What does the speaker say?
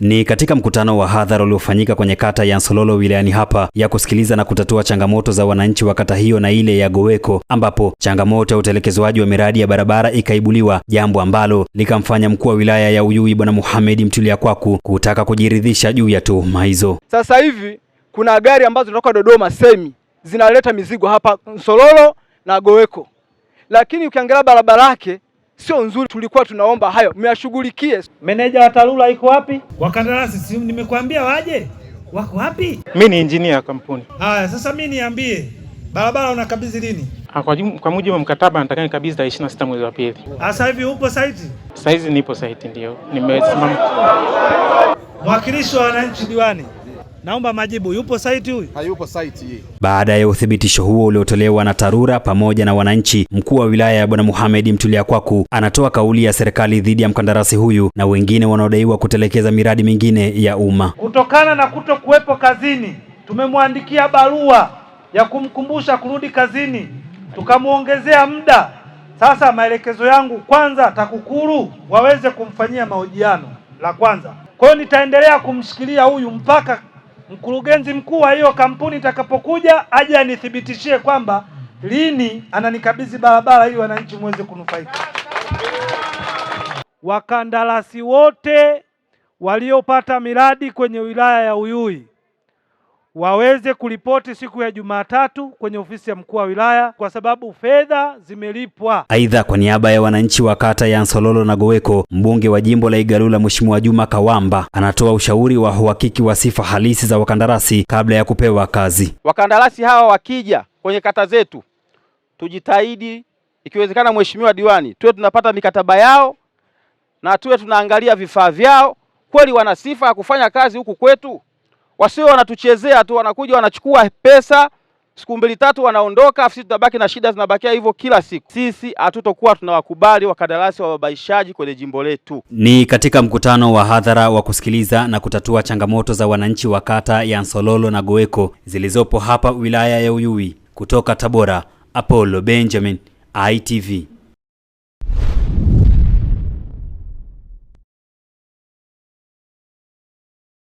Ni katika mkutano wa hadhara uliofanyika kwenye kata ya Nsololo wilayani hapa ya kusikiliza na kutatua changamoto za wananchi wa kata hiyo na ile ya Goweko, ambapo changamoto ya utelekezwaji wa miradi ya barabara ikaibuliwa, jambo ambalo likamfanya mkuu wa wilaya ya Uyui Bwana muhamedi Mtulia Kwaku kutaka kujiridhisha juu ya tuhuma hizo. Sasa hivi kuna gari ambazo zinatoka Dodoma semi zinaleta mizigo hapa Nsololo na Goweko, lakini ukiangalia barabara yake sio nzuri. Tulikuwa tunaomba hayo mmeyashughulikie. Meneja wa TARURA iko wapi? Wakandarasi si nimekuambia waje, wako wapi? Mi ni injinia ya kampuni. Haya, sasa mi niambie, barabara unakabidhi lini? Ah, kwa, kwa mujibu wa mkataba nataka nikabidhi tarehe ishirini na sita mwezi wa pili. Ah, sasa hivi upo saiti? Saizi nipo saiti, ndio nimesimama. Mwakilishi wa wananchi diwani Naomba majibu, yupo site huyu? Hayupo site hii. Baada ya uthibitisho huo uliotolewa na TARURA pamoja na wananchi, mkuu wa wilaya ya Bwana Mohamed Mtulia Kwaku anatoa kauli ya serikali dhidi ya mkandarasi huyu na wengine wanaodaiwa kutelekeza miradi mingine ya umma. Kutokana na kuto kuwepo kazini, tumemwandikia barua ya kumkumbusha kurudi kazini, tukamwongezea muda. Sasa maelekezo yangu, kwanza TAKUKURU waweze kumfanyia mahojiano la kwanza. Kwa hiyo nitaendelea kumshikilia huyu mpaka mkurugenzi mkuu wa hiyo kampuni itakapokuja aje anithibitishie kwamba lini ananikabidhi barabara ili wananchi muweze kunufaika. Wakandarasi wote waliopata miradi kwenye wilaya ya Uyui waweze kuripoti siku ya Jumatatu kwenye ofisi ya mkuu wa wilaya kwa sababu fedha zimelipwa. Aidha, kwa niaba ya wananchi wa kata ya Nsololo na Goweko, mbunge wa jimbo la Igalula Mheshimiwa Juma Kawamba anatoa ushauri wa uhakiki wa sifa halisi za wakandarasi kabla ya kupewa kazi. Wakandarasi hawa wakija kwenye kata zetu, tujitahidi ikiwezekana, Mheshimiwa diwani, tuwe tunapata mikataba yao na tuwe tunaangalia vifaa vyao, kweli wana sifa ya kufanya kazi huku kwetu wasio wanatuchezea tu, wanakuja wanachukua pesa siku mbili tatu wanaondoka, afu sisi tutabaki na shida zinabakia hivyo kila siku. Sisi hatutokuwa tunawakubali wakandarasi wababaishaji kwenye jimbo letu. Ni katika mkutano wa hadhara wa kusikiliza na kutatua changamoto za wananchi wa kata ya Nsololo na Goeko zilizopo hapa wilaya ya Uyui. Kutoka Tabora, Apollo Benjamin, ITV.